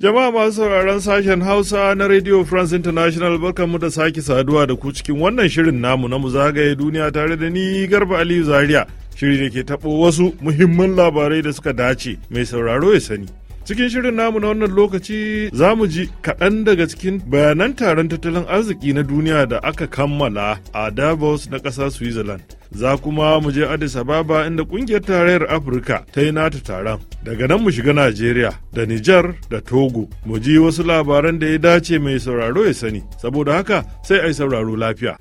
Jama'a masu sauraron sashen Hausa na Radio France International mu da sake saduwa da ku cikin wannan shirin namu na mu duniya tare da ni Garba Aliyu Zaria. Shiri da ke taɓo wasu muhimman labarai da suka dace mai sauraro ya sani. Cikin shirin namu na wannan lokaci za mu ji kaɗan daga cikin bayanan taron tattalin arziki na duniya da aka kammala a Davos na ƙasa Switzerland. Za kuma mu je Addis Ababa inda ƙungiyar tarayyar Afirka ta yi nata taron. Daga nan mu shiga Najeriya da Nijar da Togo mu ji wasu labaran da ya dace mai sauraro ya sani. Saboda haka sai a yi sauraro lafiya.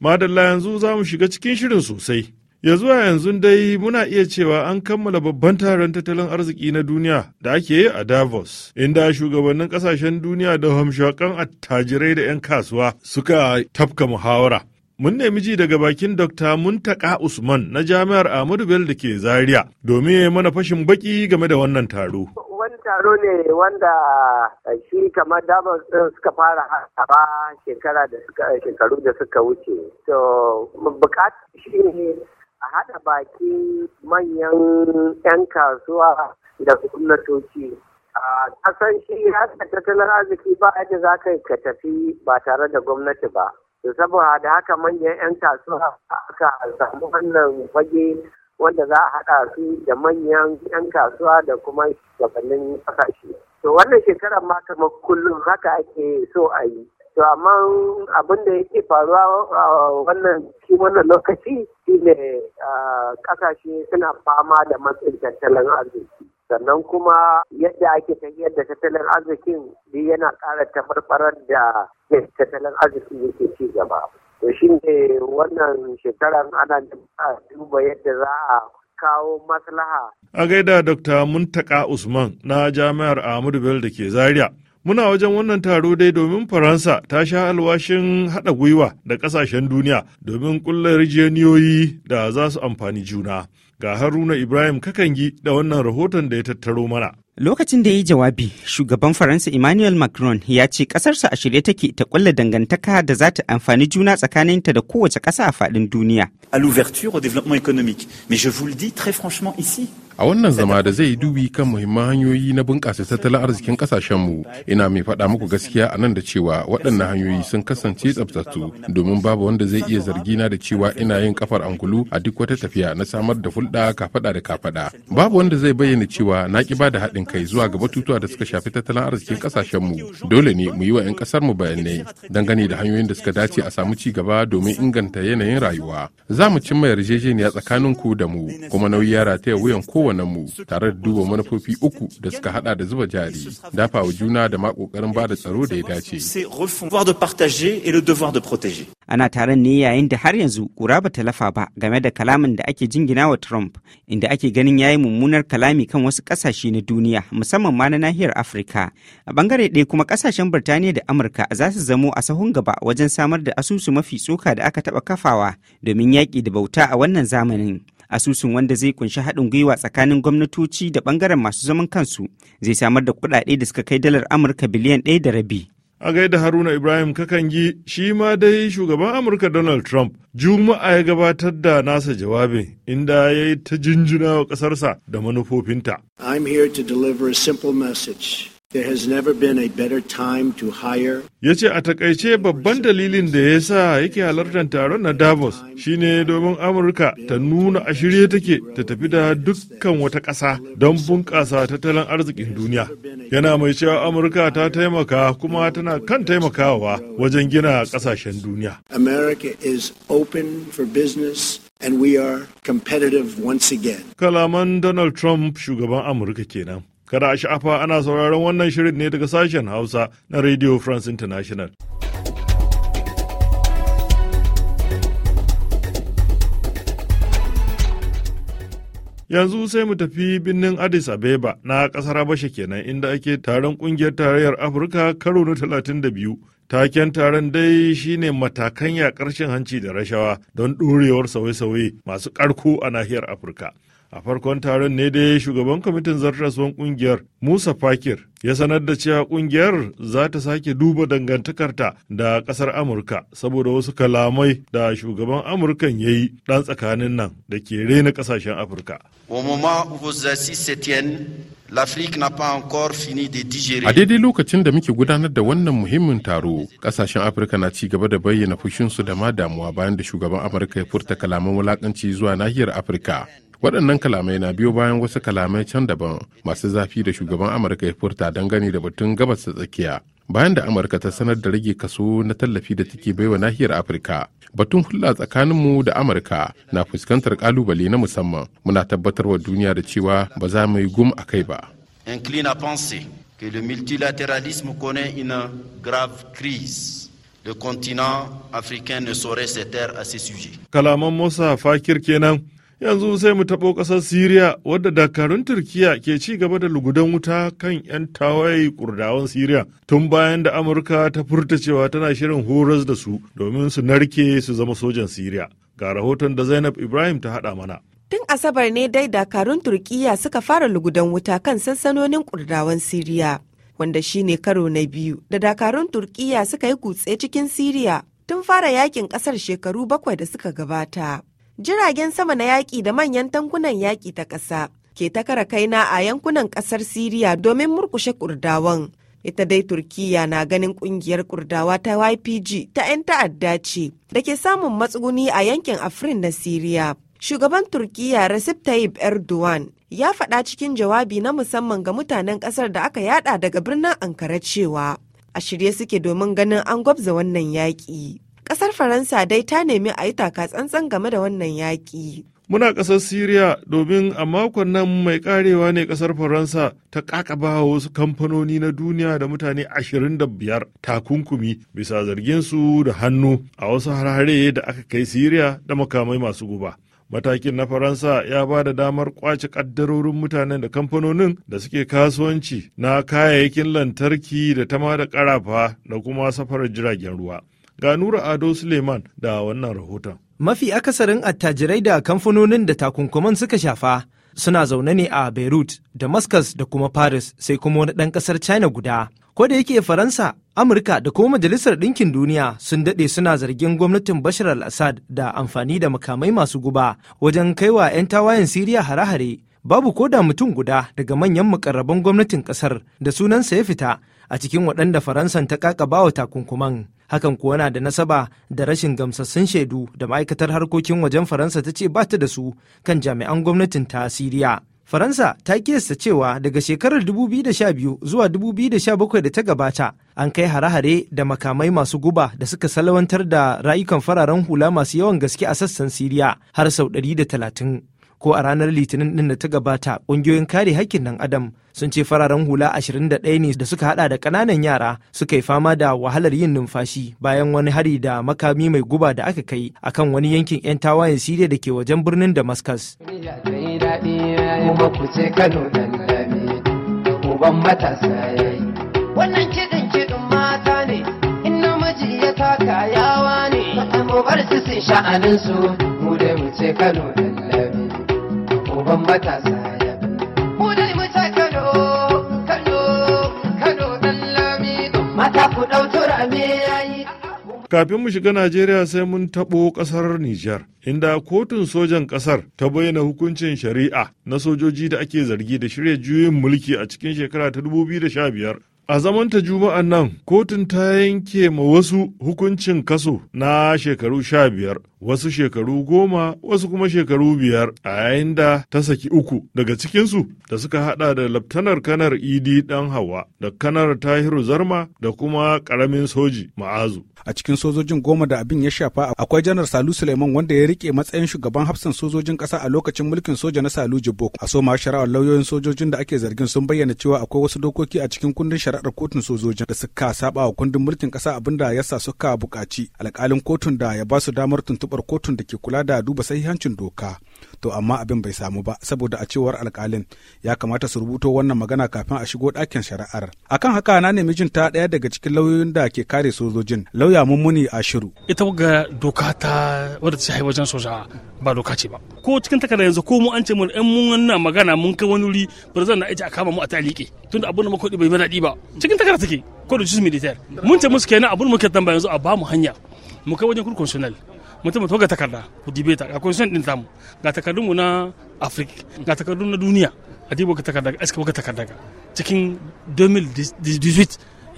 Madalla yanzu za mu shiga cikin shirin sosai. Ya zuwa yanzu dai muna iya cewa an kammala babban taron tattalin arziki na duniya da ake yi a Davos, inda shugabannin kasashen duniya da hamshakan attajirai da 'yan kasuwa suka tafka muhawara. Mun nemi ji daga bakin Dr. Muntaka Usman na Jami'ar Ahmadu bel da ke Zaria domin ya mana fashin baki game da wannan taro. wani taro ne wanda eh, shi kamar damar suka fara haɗa shekara da shekaru da suka wuce. To, bukatu shi ne a haɗa baki manyan 'yan kasuwa da gwamnatoci. A san shi haka tattalin arziki ba yadda za ka ka tafi ba tare da gwamnati ba. Saboda da haka manyan 'yan kasuwa aka samu wannan fage wanda za a haɗa su da manyan 'yan kasuwa da kuma shugabannin ƙasashe. To wannan shekarar ma kamar kullum haka ake so a yi. To amma abin da yake faruwa wannan shi wannan lokaci shi ne kasashe suna fama da matsin tattalin arziki. Sannan kuma yadda ake tafiyar da tattalin arzikin yana ƙara tabarbarar da tattalin arziki yake ci gaba. To shi ne wannan shekaran ana duba yadda za a kawo maslaha. A gaida Dr. Muntaka Usman na Jami'ar Ahmadu Bello da ke Zaria. Muna wajen wannan taro dai domin Faransa ta sha alwashin haɗa gwiwa da ƙasashen duniya domin ƙulla rijiyoyi da za su amfani juna. Ga Haruna Ibrahim Kakangi da wannan rahoton da ya tattaro mana. Lokacin da ya yi jawabi, shugaban Faransa Emmanuel Macron ya ce ƙasarsa a shirye take ta ƙulla dangantaka da za ta amfani juna tsakaninta da kowace ƙasa a faɗin duniya. A l'ouverture au développement économique, mais je vous dis très franchement ici, a wannan zama da zai dubi kan muhimman hanyoyi na bunƙasa tattalin arzikin mu ina mai faɗa muku gaskiya a nan da cewa waɗannan hanyoyi sun kasance tsabtattu domin babu wanda zai iya zargi na da cewa ina yin kafar angulu a duk wata tafiya na samar da hulɗa kafaɗa da kafaɗa babu wanda zai bayyana cewa na ƙi ba da haɗin kai zuwa ga batutuwa da suka shafi tattalin arzikin mu dole ne mu yi wa 'yan ƙasar mu bayanai dangane da hanyoyin da suka dace a samu ci gaba domin inganta yanayin rayuwa za mu cimma yarjejeniya tsakaninku da mu kuma nauyi ya rataya wuyan kowa mu tare da duba manufofi uku da suka hada da zuba jari dafa wa juna da ma kokarin ba da tsaro da ya dace ana taron ne yayin da har yanzu kura ba lafa ba game da kalamin da ake jingina wa trump inda ake ganin yayi mummunar kalami kan wasu kasashe na duniya musamman ma na nahiyar afirka a bangare ɗaya kuma kasashen birtaniya da amurka za su zamo a sahun gaba wajen samar da asusu mafi tsoka da aka taɓa kafawa domin yaƙi da bauta a wannan zamanin asusun wanda zai kunshi haɗin gwiwa tsakanin gwamnatoci da ɓangaren masu zaman kansu zai samar da kuɗaɗe da suka kai dalar amurka biliyan ɗaya da rabi a gaida haruna ibrahim kakangi shi ma dai shugaban amurka donald trump juma'a ya gabatar da nasa jawabin inda ya yi ta jinjina wa ƙasarsa da manufofinta i'm here to deliver a simple message Ya ce a takaice babban dalilin da ya sa yake halartar taron na Davos shine domin Amurka ta nuna a shirye take ta tafi da dukkan wata ƙasa don bunƙasa tattalin arzikin duniya. Yana mai cewa Amurka ta taimaka kuma tana kan taimakawa wajen gina ƙasashen duniya. Kalaman Donald Trump shugaban Amurka kenan. Kada a sha'afa ana sauraron wannan shirin ne daga sashen Hausa na Radio France International. Yanzu sai mu tafi birnin Addis Abeba na ƙasar Habasha kenan inda ake taron ƙungiyar tarayyar Afirka karo na 32. Taken taron dai shine matakan ya ƙarshen hanci da rashawa don ɗorewar sauye-sauye masu ƙarko a nahiyar Afirka. a farkon taron ne dai shugaban kwamitin zartaswan kungiyar musa fakir ya sanar da cewa kungiyar za ta sake duba dangantakarta da kasar amurka saboda wasu kalamai da shugaban amurkan ya yi ɗan tsakanin nan da ke rena ƙasashen afirka A daidai lokacin da muke gudanar da wannan muhimmin taro, kasashen Afirka na ci gaba da bayyana fushinsu da ma damuwa bayan da shugaban Amurka ya furta kalaman wulakanci zuwa nahiyar Afirka. waɗannan kalamai na biyo bayan wasu kalamai can daban masu zafi da shugaban amurka ya furta dangane da batun gabas ta tsakiya bayan da amurka ta sanar da rage kaso na tallafi da take baiwa nahiyar afirka batun hulɗa tsakaninmu da amurka na fuskantar kalubale na musamman muna tabbatar wa duniya da cewa ba za mu yi gum a kai ba que le multilatéralisme connaît une grave crise. Le continent africain ne saurait se taire à ce sujet. Kalaman Musa Fakir kenan yanzu sai mu taɓo ƙasar siriya wadda dakarun turkiya ke ci gaba da lugudan wuta kan 'yan tawaye kurdawan siriya tun bayan da amurka ta furta cewa tana shirin horas da su domin su narke su zama sojan siriya ga rahoton da zainab ibrahim ta haɗa mana Tun Asabar ne dai dakarun Turkiyya suka fara lugudan wuta kan sansanonin kurdawan Siriya, wanda shi ne karo na biyu da dakarun Turkiyya suka yi kutse cikin Siriya tun fara yakin kasar shekaru bakwai da suka gabata. jiragen sama na yaƙi da manyan tankunan yaƙi ta ƙasa ke takara kaina a yankunan ƙasar Siriya domin murkushe Kurdawan. Ita dai turkiya na ganin ƙungiyar Kurdawa ta YPG ta 'yan ta'adda ce da ke samun matsuguni a yankin Afrin na Siriya. Shugaban turkiya Recep Tayyip Erdogan ya faɗa cikin jawabi na musamman ga mutanen ƙasar da aka yada daga birnin Ankara cewa a shirye suke domin ganin an gwabza wannan yaƙi. kasar Faransa dai ta nemi a yi taka tsantsan game da wannan yaƙi. Muna ƙasar Siriya domin a makon nan mai karewa ne ƙasar Faransa ta ƙaƙaba wasu kamfanoni na duniya da mutane 25 takunkumi bisa zarginsu da hannu a wasu harhare da aka kai Siriya da makamai masu guba. matakin na faransa ya ba da damar kwace kaddarorin mutanen da kamfanonin da suke kasuwanci na kayayyakin lantarki da tama da karafa da kuma safarar jiragen ruwa Ga Nura Ado Suleiman da wannan rahoton. Mafi akasarin attajirai da kamfanonin da takunkuman suka shafa suna zaune ne a Beirut, Damascus da kuma Paris sai kuma wani ɗan ƙasar China guda. Ko da yake Faransa, Amurka da kuma Majalisar Ɗinkin Duniya sun daɗe suna zargin gwamnatin Bashar al-Assad da amfani da makamai masu guba wajen kaiwa 'yan tawayen Siriya hare-hare. Babu koda mutum guda daga manyan mukarraban gwamnatin ƙasar da sunansa ya fita a cikin waɗanda faransan ta bawa takunkuman hakan kuwa na da nasaba da rashin gamsassun shaidu da ma'aikatar harkokin wajen faransa ta ce bata da su kan jami'an gwamnatin ta siriya faransa ta kiyasta cewa daga shekarar 2012 zuwa 2017 da ta gabata an kai hare-hare da makamai masu guba da suka salawantar da rayukan fararen hula masu yawan gaske a sassan siriya har sau 130 ko a ranar litinin din da ta gabata ƙungiyoyin kare haƙƙin ɗan adam sun ce fararen hula 21 ne da suka haɗa da ƙananan yara suka yi fama da wahalar yin numfashi bayan wani hari da makami mai guba da aka kai akan wani yankin 'yan tawayen siriya da ke wajen birnin damascus wannan kiɗin kiɗin mata ne in namiji ya taka yawa ne sun sha'anin su mu dai mu ce kano da uban matasa Kafin mu shiga Najeriya sai mun taɓo ƙasar Nijar, inda kotun sojan ƙasar ta bayyana hukuncin shari'a na sojoji da ake zargi da shirya juyin mulki a cikin shekara ta 2015. A zaman ta Juma'a nan, kotun ta yanke ma wasu hukuncin kaso na shekaru sha wasu shekaru goma wasu kuma shekaru biyar a yayin da ta saki uku daga cikinsu da suka hada da laftanar kanar idi dan hawa da kanar tahiru zarma da kuma karamin soji ma'azu a cikin sojojin goma da abin ya shafa akwai janar salu suleiman wanda ya rike matsayin shugaban hafsan sojojin kasa a lokacin mulkin soja na salu jibbo a soma shari'ar lauyoyin sojojin da ake zargin sun bayyana cewa akwai wasu dokoki a cikin kundin shari'ar kotun sojojin da suka saba wa kundin mulkin kasa abinda yasa suka buƙaci alƙalin kotun da ya ba su damar tuntu tuntuɓar kotun da ke kula da duba sahihancin doka to amma abin bai samu ba saboda a cewar alkalin ya kamata su rubuto wannan magana kafin a shigo ɗakin shari'ar akan haka na nemi jin ta ɗaya daga cikin lauyoyin da ke kare sojojin lauya mummuni a shiru ita ga doka ta wadda ta wajen soja ba doka ce ba ko cikin takarda yanzu ko mu an ce mun ɗan mun wannan magana mun kai wani wuri ba zan na aji a kama mu a talike tunda abun da muka bai bai daɗi ba cikin takarda take ko da jus militaire mun ce musu kenan abun muke tambaya yanzu a ba mu hanya mu kai wajen kurkonsional mutum to ga takarda ku dibe ta ga constitution din tamu ga takardun mu na Africa ga takardun na duniya a dibo ka takarda ga aska ka takarda cikin 2018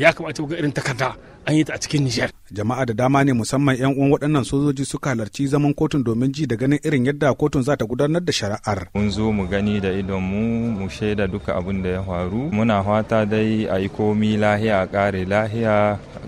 ya kamata ga irin takarda an yi ta a cikin Nijar. Jama'a da dama ne musamman 'yan uwan waɗannan sojoji suka halarci zaman kotun domin ji da ganin irin yadda kotun za ta gudanar da shari'ar. Mun zo mu gani da idon mu mu shaida duka abin da ya faru. Muna fata dai a yi komi lahiya a ƙare lahiya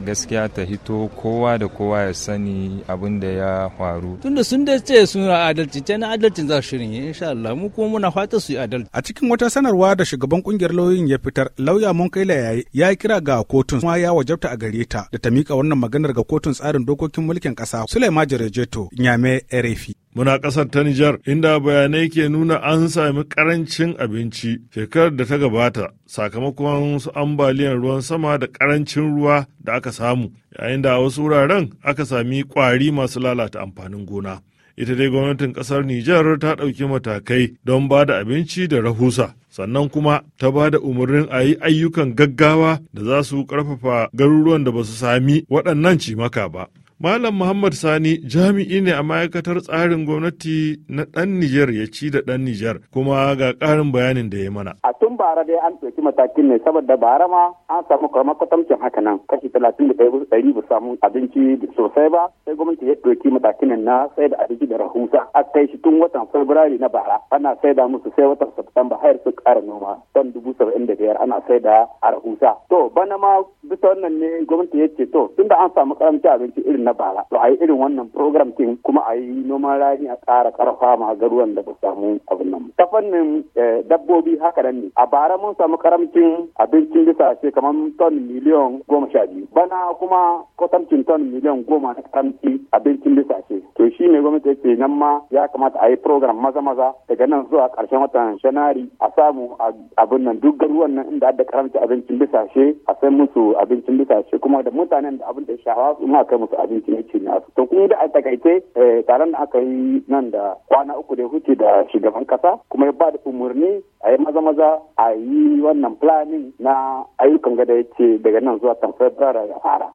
gaskiya ta hito kowa da kowa ya sani abin da ya faru. Tunda sun da ce sun adalci, ta na adalcin za su yi insha Allah mu kuma muna fata su yi adalci. A cikin wata sanarwa da shugaban kungiyar lauyoyin ya fitar, lauya mun kai yayi ya kira ga kotun kuma ya wajabta a gare ta da ta mika wannan maganar ga kotun tsarin dokokin mulkin ƙasa Sulaiman Jarejeto Nyame Erefi. Muna ƙasar ta Nijar inda bayanai ke nuna an sami ƙarancin abinci shekarar da ta gabata sakamakon su ambaliyar ruwan sama da ƙarancin ruwa da aka samu yayin da a wasu wuraren aka sami ƙwari masu lalata amfanin gona. Ita dai gwamnatin ƙasar Nijar ta ɗauki matakai don ba da abinci da rahusa sannan kuma ta ba da umarnin a yi ayyukan gaggawa da za su ƙarfafa garuruwan da ba su sami waɗannan cimaka ba. Malam Muhammad Sani jami'i ne a ma'aikatar tsarin gwamnati na ɗan Nijar ya ci da ɗan Nijar kuma ga ƙarin bayanin da ya mana. A bara dai an ɗauki matakin ne saboda bara ma an samu kamar kwatamcin haka nan kashi talatin da ɗaya ɗari ba samu abinci sosai ba sai gwamnati ya ɗauki matakin na sai da abinci da rahusa a kai shi tun watan fabrairu na bara ana sai da musu sai watan september har su ƙara noma ton dubu saba'in da biyar ana sai da a rahusa to bana ma bisa wannan ne gwamnati ya ce to tunda an samu karamcin abinci irin na bara to a yi irin wannan program din kuma a yi noman rani a ƙara ƙarfa ma garuwan da ba samu abin nan ta fannin eh, dabbobi haka nan ne a bara mun samu karamcin abincin bisashe kamar ton miliyan goma sha biyu bana kuma kwatancin ton miliyan goma na karamci abincin bisashe to shi ne gwamnati ce nan ma ya kamata a yi program maza maza daga nan zuwa karshen watan shanari a samu abin nan duk garuwan nan inda da karamci abincin bisashe a sai musu abincin bisashe kuma da mutanen da abin da shawa su ma kai musu abincin ya ce to kuma da a takaice eh, taron da aka yi nan da kwana uku da huce da shugaban kasa kuma ya ba da umarni a yi maza maza a yi wannan planning na ayyukan gada ya ce daga nan zuwa tamfar bara ya fara.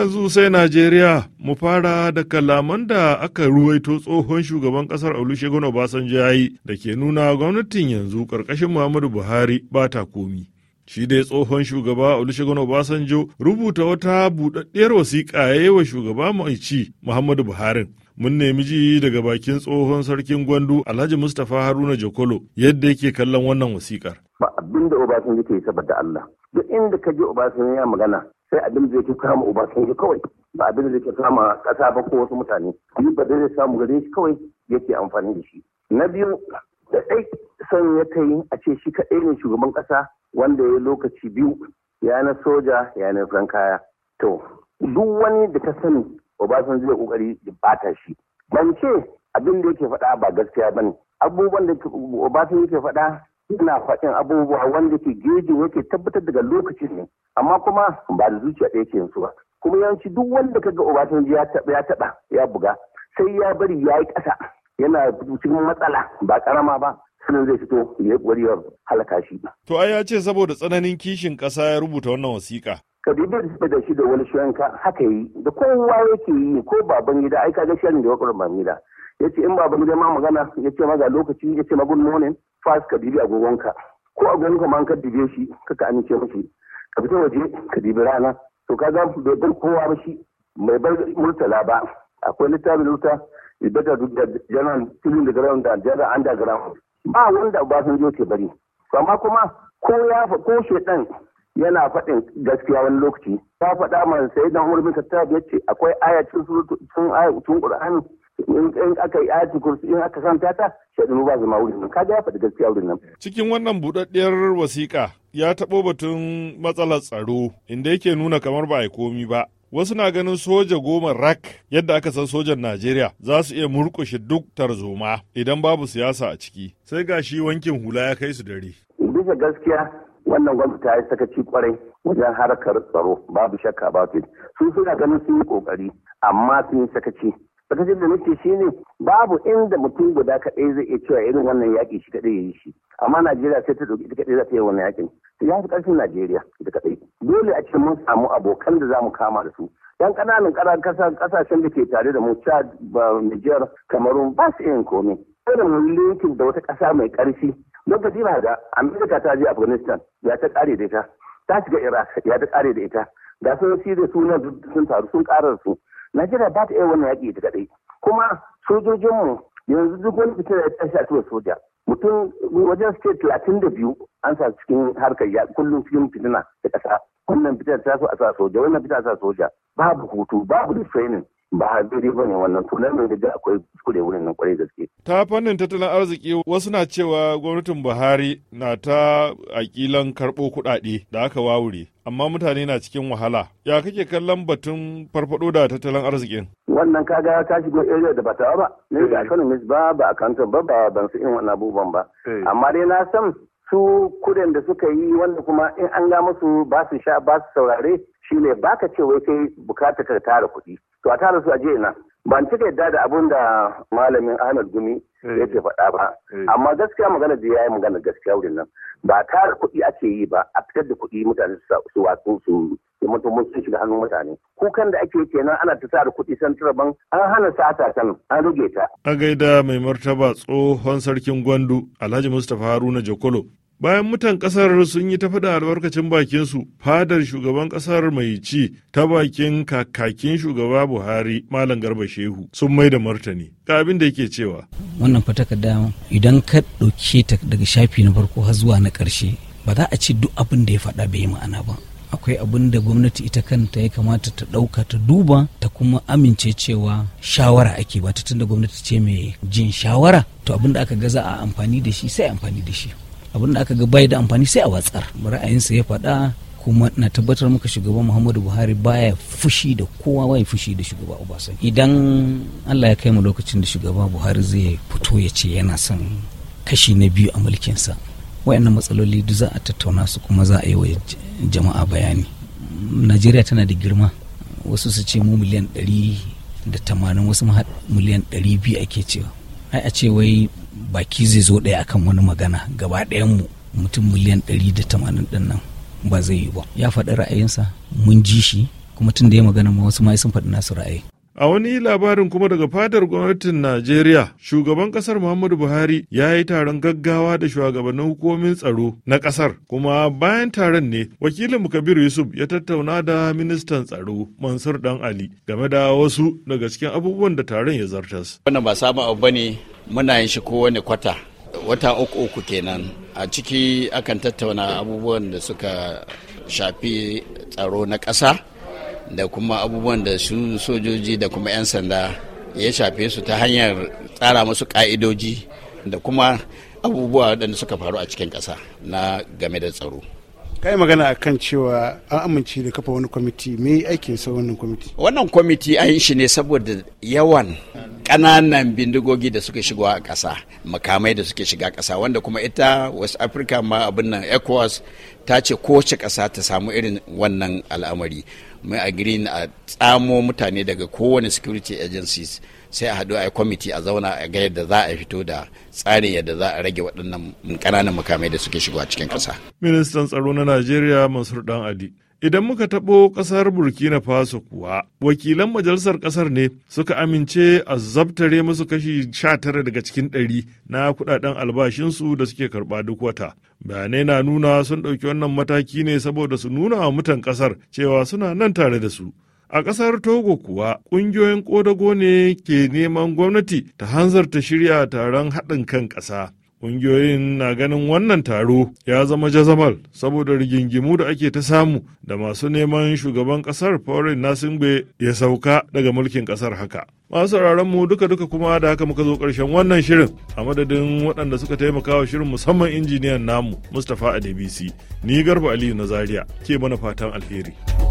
Yanzu sai Najeriya mu fara da kalaman da aka ruwaito tsohon shugaban kasar Olusegun Obasanjo ya yi da ke nuna gwamnatin yanzu ƙarƙashin Muhammadu Buhari ba ta komi. Shi dai tsohon shugaba Olusegun Obasanjo rubuta wata buɗaɗɗiyar wasiƙa ya yi wa shugaba mai ci Muhammadu Buhari. Mun nemi ji daga bakin tsohon sarkin gwandu Alhaji Mustapha Haruna Jokolo yadda yake kallon wannan wasiƙar. Ba abin da Obasanjo ke saboda Allah. duk inda ka je Obasanjo ya magana sai abin zai ke kama Obasanjo kawai ba abin zai ke kama kasa ba ko wasu mutane yi ba zai samu gare shi kawai yake amfani da shi na biyu da ɗai son ya kai a ce shi kaɗai ne shugaban ƙasa wanda ya lokaci biyu ya na soja ya na kaya to duk wani da ka sani Obasanjo zai kokari da bata shi ban ce abin da yake faɗa ba gaskiya bane abubuwan da Obasanjo yake faɗa ina faɗin abubuwa wanda ke geji yake tabbatar daga lokaci ne amma kuma ba da zuciya ɗaya ke yanzu ba kuma yawanci duk wanda kaga obasanji ya taɓa ya taɓa ya buga sai ya bari ya yi ƙasa yana cikin matsala ba ƙarama ba sanin zai fito ya ya halaka shi. to ai ya ce saboda tsananin kishin ƙasa ya rubuta wannan wasiƙa. ka bai da shi da wani ka haka yi da kowa yake yi ko baban gida ai kaga shirin da ya gida ya ce in baban gida ma magana ya ce maga lokaci ya ce magun fas ka dibi agogonka ko agogonka ma ka dibe shi kaka amince mashi ka fita waje ka dibi rana to ka ga bai bar kowa ba shi mai bar murtala ba akwai littafin rubuta ibada da janan filin da garan da jaran underground ba wanda ba sun je ke bari amma kuma ko ya ko shedan yana faɗin gaskiya wani lokaci ya faɗa man sai dan umar bin yace akwai aya cikin sun aya qur'ani in aka yi ayatu kursi in aka tata sai shaɗinu ba zama wurin nan kaga ya faɗi gaskiya wurin nan. cikin wannan buɗaɗɗiyar wasiƙa ya taɓo batun matsalar tsaro inda yake nuna kamar ba a yi komi ba wasu na ganin soja goma rak yadda aka san sojan najeriya za su iya murƙushe duk tarzoma idan babu siyasa a ciki sai ga shi wankin hula ya kai su dare. bisa gaskiya wannan gwamnati ta yi sakaci kwarai wajen harkar tsaro babu shakka ba su suna ganin sun yi kokari amma sun yi sakaci Batun da nake shi ne babu inda mutum guda kaɗai zai iya cewa irin wannan yaƙi shi kaɗai ya yi shi. Amma Najeriya sai ta ɗauki ita kaɗai za ta yi wannan yaƙin. Ya fi ƙarfin Najeriya ita kaɗai. Dole a ce mun samu abokan da za mu kama da su. Yan ƙananan ƙasashen da ke tare da mu Chad, Niger, Cameroon ba su yin komai. da linkin da wata ƙasa mai ƙarfi. Lokaci ba da Amerika ta je Afghanistan ya ta ƙare da ita. Ta shiga Iraq ya ta ƙare da ita. Da sun shi da sunan sun taru sun ƙarar su. najeriya ba ta iya wannan yaƙi da kaɗai kuma sojojinmu yanzu duk wani fitar da tashi a tura soja mutum wajen state talatin da biyu an sa cikin harkar ya kullum cikin fitina da ƙasa wannan fitar ta so a sa soja wannan fitar ta sa soja babu hutu babu training ba a daidai ba ne wannan tunan mai da akwai kuskure wurin nan kwarai gaske. ta fannin tattalin arziki wasu na cewa gwamnatin buhari na ta akilan karɓo kuɗaɗe da aka wawure amma mutane na cikin wahala ya kake kallon batun farfado da tattalin arzikin wannan kaga ta shigo area da bata ba ne ga eh. economist ba ba accountant ba ba ban su irin wannan abubuwan ba eh. amma dai na san su kudin da suka yi wanda kuma in an ga musu ba su sha ba su saurare shine baka ce wai kai bukatar ka tara kuɗi to a tara su a jiya na ban cika yadda da abun da malamin Ahmad Gumi eh. yake faɗa ba eh. amma gaskiya magana da yayi magana gaskiya wurin nan ba tara kuɗi ake yi ba a fitar da kuɗi mutane su wasu su mutum mun sun shiga hannun mutane kukan da ake kenan ana ta tara kuɗi san ban an hana sata kan an rage ta a gaida mai martaba tsohon sarkin gwandu Alhaji Mustapha Haruna Jokolo bayan mutan kasar sun yi ta faɗa albarkacin bakinsu fadar shugaban kasar mai ci ta bakin kakakin shugaba buhari malam garba shehu sun mai da martani ga abin da yake cewa wannan takarda idan ka ɗauke ta daga shafi na farko har zuwa na ƙarshe ba za a ci duk abin da ya faɗa bai ma'ana ba akwai abin da gwamnati ita kanta ya kamata ta ɗauka ta duba ta kuma amince cewa shawara ake ba ta tunda gwamnati ce mai jin shawara to abin da aka gaza a amfani da shi sai amfani da shi abin da aka ga bai da amfani sai a watsar ra'ayinsa ya faɗa kuma na tabbatar maka shugaban muhammadu buhari baya fushi da kowa baya fushi da shugaba obasan idan allah ya kai mu lokacin da shugaba buhari zai fito ya ce yana son kashi na biyu a mulkinsa wayannan matsaloli duk za a tattauna su kuma za a yi wa jama'a bayani najeriya tana da girma wasu su ce mu miliyan ɗari da tamanin wasu miliyan ɗari biyu ake cewa ai a ce wai baki zai zo ɗaya akan wani magana gaba ɗayan mu mutum miliyan ɗari da tamanin ɗin nan ba zai yi ba ya faɗi ra'ayinsa mun ji shi kuma tun da ya magana ma wasu ma sun faɗi nasu ra'ayi A wani labarin kuma daga fadar gwamnatin Najeriya, shugaban kasar Muhammadu Buhari ya yi taron gaggawa da shugabannin hukumomin tsaro na kasar. Kuma bayan taron ne, wakilin Kabir Yusuf ya tattauna da ministan tsaro Mansur Dan Ali game da wasu daga cikin abubuwan da taron ya zartas. Wannan ba samu abu bane muna yin shi kowane kwata. Wata uku uku kenan. A ciki akan tattauna abubuwan da suka shafi tsaro na ƙasa. da kuma abubuwan da su sojoji da kuma 'yan sanda ya shafe su ta hanyar tsara musu ka'idoji da kuma abubuwa waɗanda suka faru a cikin ƙasa na game da tsaro kai magana a kan cewa an amince da kafa wani kwamiti me aikin sa wannan kwamiti wannan kwamiti an shi ne saboda yawan ƙananan bindigogi da suka shigo a ƙasa makamai da suke shiga ƙasa wanda kuma ita west africa ma abin nan ecowas ta ce kowace ƙasa ta samu irin wannan al'amari mai agree a tsamo mutane daga kowane security agencies sai a haɗu a yi kwamiti a zauna a ga yadda za a fito da tsarin yadda za a rage waɗannan ƙananan makamai da suke shigo a cikin ƙasa. ministan tsaro na najeriya mansur dan ali Idan muka taɓo ƙasar Burkina Faso kuwa, wakilan majalisar ƙasar ne suka amince a zabtare musu kashi tara daga cikin ɗari na kuɗaɗen albashinsu da suke karɓa duk wata. Bayanai na nuna sun ɗauki wannan mataki ne saboda su nuna wa mutan ƙasar cewa suna nan tare da su. A ƙasar Togo kuwa ƙungiyoyin ƙodago ne ke neman gwamnati ta hanzarta shirya taron haɗin kan ƙasa. Ƙungiyoyin na ganin wannan taro ya zama jazamal saboda rigingimu da ake ta samu da masu neman shugaban ƙasar Foreign Nasingbe ya sauka daga mulkin ƙasar haka. Masu mu duka-duka kuma da haka muka zo ƙarshen wannan shirin a madadin waɗanda suka taimaka wa shirin musamman injiniyan namu Mustapha Adebisi, ni Garba Aliyu na Zaria ke mana fatan alheri.